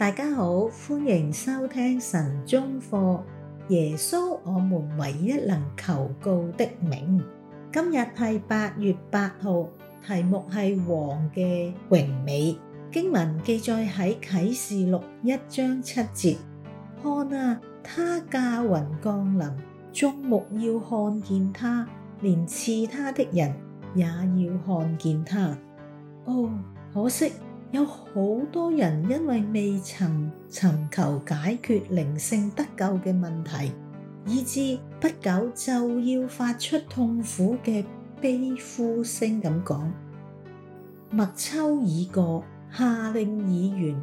大家好，歡迎收聽神中課。耶穌，我哋唯一能求告的名。今日係八月八號，題目係王嘅榮美。經文記載喺啟示錄一章七節，看啊，他駕雲降臨，眾目要看見他，連刺他的人也要看見他。哦，可惜。有好多人因為未曾尋求解決靈性得救嘅問題，以致不久就要發出痛苦嘅悲呼聲，咁講：麥秋已過，夏令已完，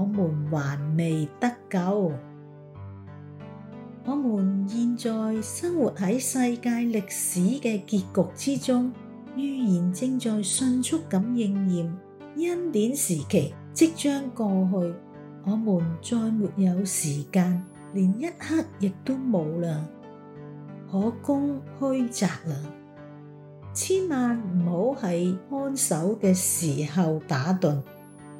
我們還未得救。我們現在生活喺世界歷史嘅結局之中，預言正在迅速咁應驗。恩典時期即將過去，我們再沒有時間，連一刻亦都冇啦，可供虛擲啦，千萬唔好喺看守嘅時候打盹，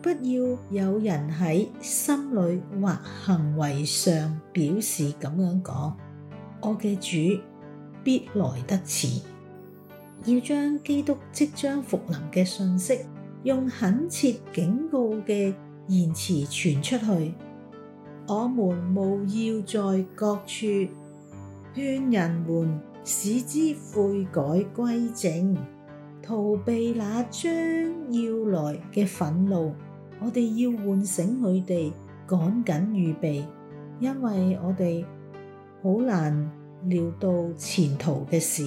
不要有人喺心裏或行為上表示咁樣講，我嘅主必來得遲，要將基督即將復臨嘅信息。用懇切警告嘅言辭傳出去，我們務要在各處勸人們使之悔改歸正，逃避那將要來嘅憤怒。我哋要喚醒佢哋，趕緊預備，因為我哋好難料到前途嘅事。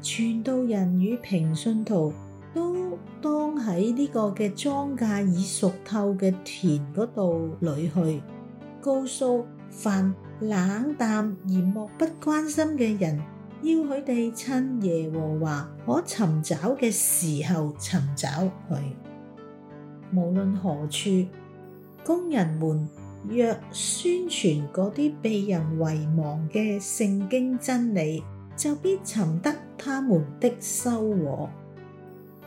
傳道人與平信徒，當喺呢個嘅莊稼已熟透嘅田嗰度裏去，告訴凡冷淡而漠不關心嘅人，要佢哋趁耶和華可尋找嘅時候尋找佢，無論何處，工人們若宣傳嗰啲被人遺忘嘅聖經真理，就必尋得他們的收穫。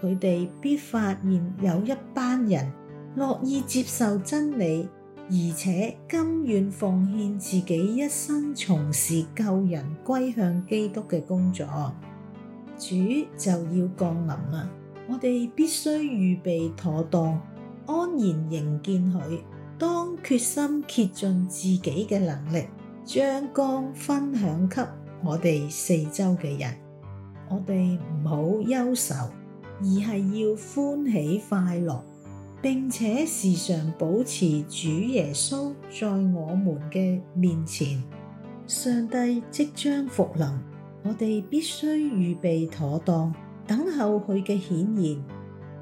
佢哋必發現有一班人樂意接受真理，而且甘願奉獻自己一生從事救人歸向基督嘅工作。主就要降臨啦，我哋必須預備妥當，安然迎見佢。當決心竭盡自己嘅能力，將光分享給我哋四周嘅人。我哋唔好憂愁。而係要歡喜快樂，並且時常保持主耶穌在我們嘅面前。上帝即將復臨，我哋必須預備妥當，等候佢嘅顯現。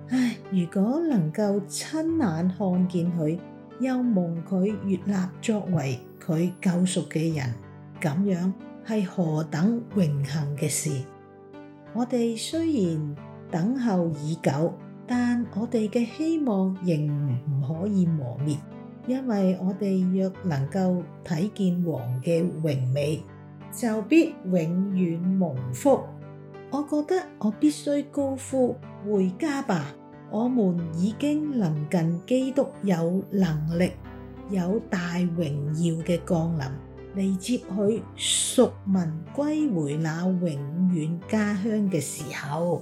唉，如果能夠親眼看見佢，又蒙佢悅納作為佢救贖嘅人，咁樣係何等榮幸嘅事！我哋雖然，等候已久，但我哋嘅希望仍唔可以磨滅，因為我哋若能夠睇見王嘅榮美，就必永遠蒙福。我覺得我必須高呼回家吧！我們已經臨近基督有能力、有大榮耀嘅降臨，嚟接佢屬民歸回那永遠家鄉嘅時候。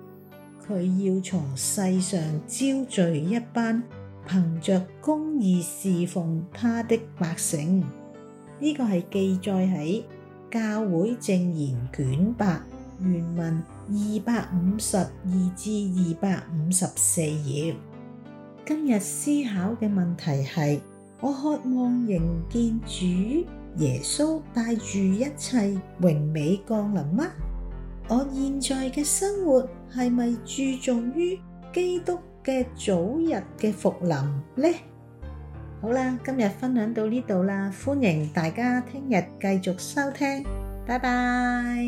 佢要從世上招聚一班，憑着公義侍奉他的百姓。呢、這個係記載喺教會證言卷八原文二百五十二至二百五十四頁。今日思考嘅問題係：我渴望迎見主耶穌帶住一切榮美降臨嗎？我現在嘅生活係咪注重於基督嘅早日嘅復臨呢？好啦，今日分享到呢度啦，歡迎大家聽日繼續收聽，拜拜。